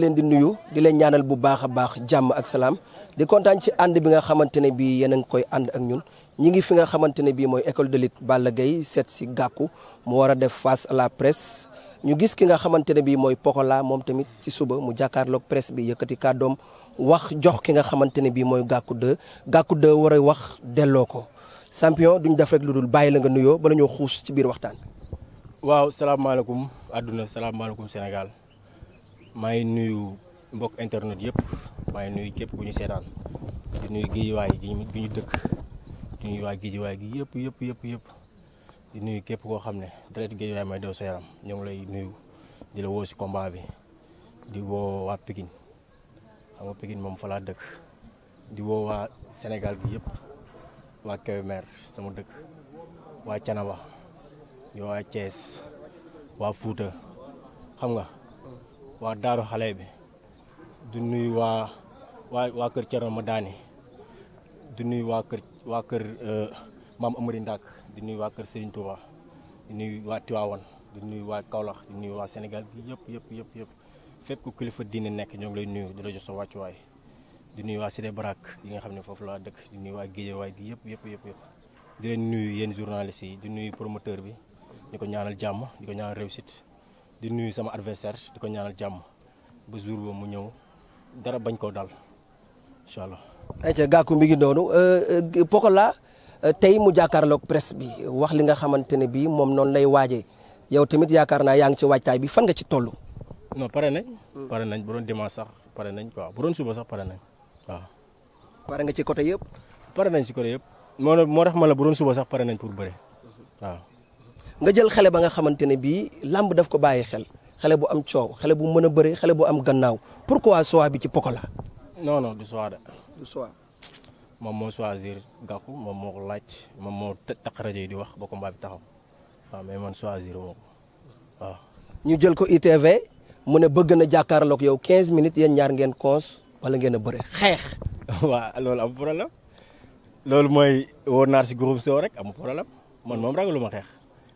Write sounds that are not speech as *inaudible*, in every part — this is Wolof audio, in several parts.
leen di nuyu di leen ñaanal bu baax a baax jàmm ak salaam di kontaan ci ànd bi nga xamante ne bii yéen koy ànd ak ñun ñi ngi fi nga xamante ne bii mooy école de lit Balla Gaye seet si Gàkku mu war a def face à la presse ñu gis ki nga xamante ne bii mooy Pokola moom tamit ci suba mu jàkkaarloog presse bi yëkkati kàddoom wax jox ki nga xamante ne bii mooy Gàkku 2 Gàkku 2 war a wax delloo ko champion duñ def rek lu dul bàyyi la nga nuyoo bala ñoo xuus ci biir waxtaan. waaw salaamaaleykum àdduna salaamaaleykum Sénégal. maa ngi nuyu mbokk internet yëpp maa nuyu képp ku ñu seetaan di nuyu géejuwaay gi ñu gi ñu dëkk di nuyu waa géejuwaay gi yëpp yëpp yëpp yëpp di nuyu képp koo xam ne deret géejuwaay may daw sa yaram ñoo ngi lay nuyu di la woo si combat bi di woo waa Pikine xam nga Pikine moom falaa dëkk di woo senegal Sénégal gi yëpp waa Kébémer sama dëkk waa canawa waa Thiès waa Fouta xam nga. waa daaru xale bi du nuyu waa waa waa kër Thierno Madani du nuyu waa kër waa kër eh, maam Amary Ndak du nuyu waa kër Serigne Touba du nuyu waa Tivaouane du nuyu waa Kaolack du nuyu waa Sénégal bi yëpp yëpp yëpp yëpp fépp ku kilifa diine nekk ñoo ngi lay nuyu di la jox sa wàccuwaay di nuyu waa Cité Barak yi nga xam ne foofu laa dëkk di nuyu waa Guédiawaye gi yëpp yëpp yëpp yëpp di leen nuyu yéen journalistes yi di nuyu promoteur bi ñu ko ñaanal jàmm di ko ñaanal réussite di nuyu sama adversaire di ko ñaanal jàmm ba jour ba mu ñëw dara bañ koo dal incha allah. ayca gàkku mi ngi noonu euh, euh, Pokola euh, tey mu jàkkaarloog presse bi wax li nga xamante ne bii moom noonu lay waajee yow tamit yaakaar naa yaa ngi ci waajtaay bi fan nga ci tollu non pare nañ. pare nañ bu doon dimanche sax pare nañ bu doon suba sax pare nañ waaw. nga ci côté yëpp. pare nañ ci côté yëpp moo moo tax bu doon suba sax pare nañ pour bëre nga jël xale ba nga xamante ne bii làmb def ko bàyyi xel xale bu am coow xale bu mën a bëre xale bu am gannaaw pour pourquoi choix bi ci poko la non du choix de. du choix. moom moo choisir Gakou moo ko laaj moom moo taq rajo yi di wax ba combat taxaw mais man choisir moo ñu jël ko ITV mu ne bëgg na jàkkaarlook yow quinze minutes yéen ñaar ngeen cons wala ngeen a bëre xeex. *laughs* waaw loolu am problème loolu mooy wóor naar si groupe soo rek amu problème man moom ragalu ma xeex.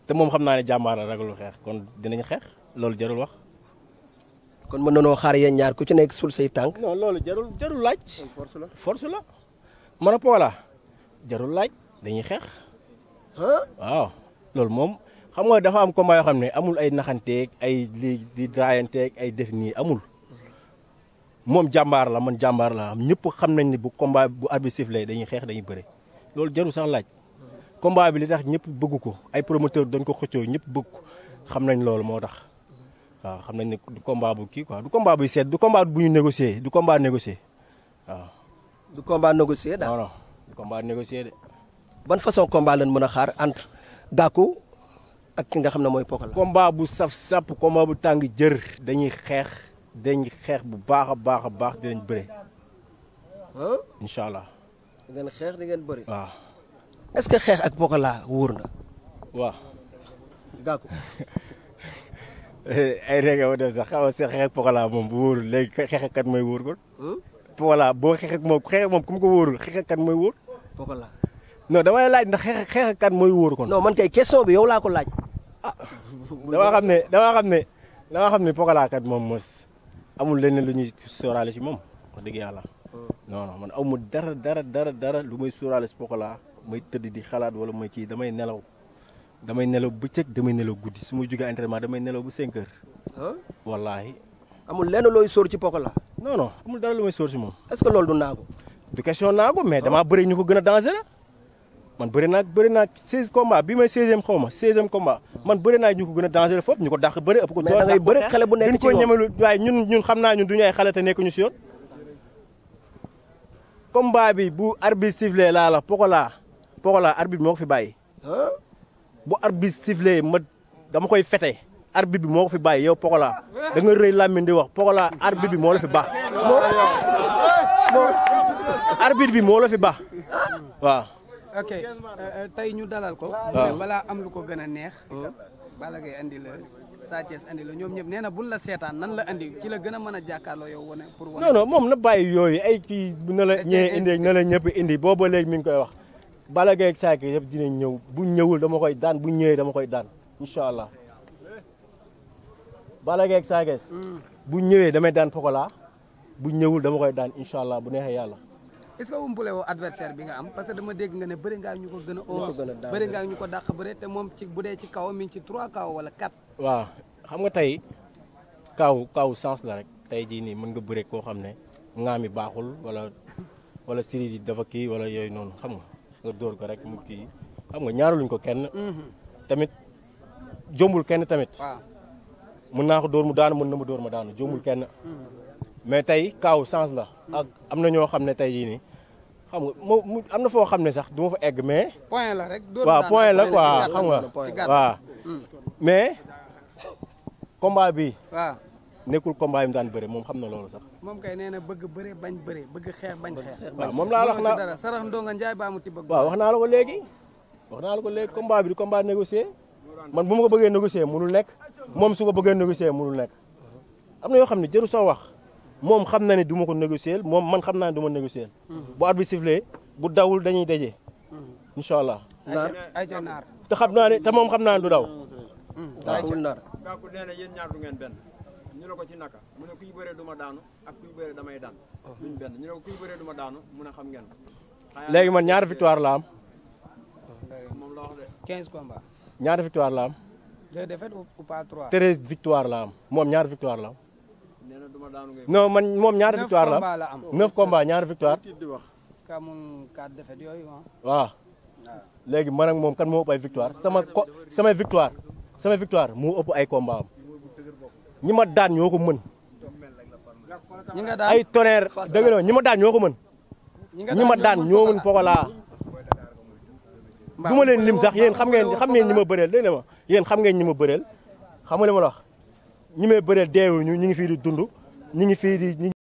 te moom xam naa ne jàmbaar la ragalul xeex kon dinañ xeex loolu jarul wax. kon mën nanoo xaar yéen ñaar ku ci nekk suul say tànk. loolu jarul jarul laaj. force la force la. Marapola jarul laaj dañuy xeex. waaw loolu moom xam nga dafa am combat yoo xam ne amul ay naxanteeg ay li di draayanteeg ay def nii amul. moom jàmbaar la man jàmbaar la am ñëpp xam nañ ne bu combat bu arbitre sifflé dañuy xeex dañuy bëre loolu jarul sax laaj. combat bi li tax ñëpp bëgg ko ay dañ ko xëccoo ñëpp bëgg ko xam nañ loolu moo tax waaw xam nañ ne du combat bu kii quoi du combat buy seet du combat bu ñu négocier du combat négocier waaw. du combat négocier daal non non du combat ban façon combat lañ mën a xaar entre Gackou ak ki nga xam ne mooy Pokola. combat bu saf sàpp combat bu tàng jër. dañuy xeex dañ xeex bu baax a baax a baax dinañ bëre. incha allah. di ngeen xeex di ngeen bëri waaw. est-ce que xeex ak Pokola wóor na. waaw. Gakou. *laughs* ay réew mi def sax xaw ma si xeex ak moom bu wóorul léegi xeex kat mooy wóor kon. Hmm? Pokola boo xeex ak moom xeex moom ku mu kat mooy wóor. Pokola. non damay laaj nda xeex kat mooy wóor kon. non man kay question bi yow laa ko laaj. ah damaa ne dama xam ne damaa xam ne Pokola kat moom mos amul leneen lu ñuy sóoraale si moom wax dëgg yàlla. Hmm. non non man amul dara dara dara lu may sóoraale si Pokola. mooy tëdd di xalaat wala mooy ci damay nelaw damay nelaw bëccëg damay nelaw guddi su ma jógee entraînement damay nelaw bu 5 heures. Ah? wallaahi. amul lenn looy sóor ci Pokola. non non amul dara lu may sóor ci moom. est-ce que loolu du naagu. du question naagu mais damaa ah. bëri ñu ko gën a dangereux. man bëri naa naa 16 combat bi may 16e xaw ma 16e man bëri naa ñu ko gën a dangereux foofu ñu ko dàq bëri ëpp ko. mais da ngay bëri xale bu nekk ci yoon waaye ñun ñun xam naa ñun duñu ay xale te nekk ñu ci yoon combat bi bu arbitre sifflé laa Pokola arbitre bi moo ko fi bàyyi. bu arbitre sifflé ma dama koy fete. arbitre bi moo ko fi bàyyi yow Pokola da nga rëy di wax Pokola arbitre bi moo la fi baax. arbitre bi moo la fi baax waaw. ok euh, euh, tey ñu dalal ko. waaw balaa am lu ko gën a neex. Balla Gaye andi la Sa Thiès andi la ñoom ñëpp nee na bul la seetaan nan la andi ci la gën a mën a jàkkaarloo yow wane pour. wane non non moom na bàyyi yooyu ay kii na la ñee indi na la ñëpp indi booba léegi mi ngi koy wax. bala Gaye ak Sa Thiès yëpp dinañ ñëw bu ñëwul dama koy daan bu ñëwee dama koy daan incha allah bala Gaye ak Sa hmm. bu ñëwee damay daan Pokola bu ñëwul dama koy daan incha allah bu neexee yàlla. est-ce que umpule woo adversaire bi nga am parce que dama dégg nga ne bëri ngaa ñu ko gën a. oo bëri ko dàq bëre te moom ci bu dee ci kaw mi ngi ci 3 kaw wala 4. waaw xam nga tey kaw kaw sens la rek tey jii nii mën nga bëre koo xam ne ŋaam yi baaxul wala wala siri dafa kii wala yooyu noonu xam nga. nga dóor ko rek mu kii xam nga ñaareeluñ ko kenn. tamit jombul kenn tamit. mën naa ko dóor mu daanu mën na mu dóor ma daan jombul kenn. mais tey kaaw chance la. ak am na ñoo xam ne tey jii nii xam nga am na foo xam ne sax du ma fa egg mais. point la rek point la quoi xam nga waaw mm. mais bi. nekkul combat yi mu daan bëre moom xam na loolu sax. moom kay nee na bëgg bëre bañ bëre bëgg xeex bañ xeex. waaw moom laa wax naa dara sarax Ndonga Njaay baa mu ti bëgg. waaw wax naa la ko léegi wax naa la ko léegi combat bi du combat négocié man bu ma ko bëggee négocié mënul nekk moom su ko bëggee négocié mënul nekk am na yoo xam ne jëru soo wax moom xam na ne du ma ko négocié moom man xam naa ne du ma négocié mhm. bu arbitre bi sifflé bu dawul dañuy daje mhm. incha allah. naar te xam naa ne te moom xam naa ne du daw. Mhm. na yéen ñaar ñu ne ko ci naka mu ne kuy bëree duma daanu ak kuy bëree damay daan oh. duñ benn ñu ne ko kuy bëree duma daanu mun a xam ngeen léegi man ñaari victoire la am oh. moom la wax de 15 combats ñaari victoire la am deux défaites ou pas trois 13 victoire la am moom ñaari victoire la am nee na duma daanu ngay non man moom ñaari victoire la am 9 combats ñaari victoire ka mun 4 défaites yooyu waaw léegi man ak moom kan moo ëpp ay victoire sama samay victoire samay victoire moo ëpp ay combat am ñi ma daan ñoo ko mën. ay tonnerre dégg nga ñi ma daan ñoo ko mën. ñi ma daan ñoo mën Pokola. du ma leen lim sax yéen xam ngeen xam ngeen ñi ma bëreel dégg nga ma yéen xam ngeen ñi ma bëreel xam nga li ma la wax ñi may bëreel deewuñu ñu ngi fii di dund ñu fii di.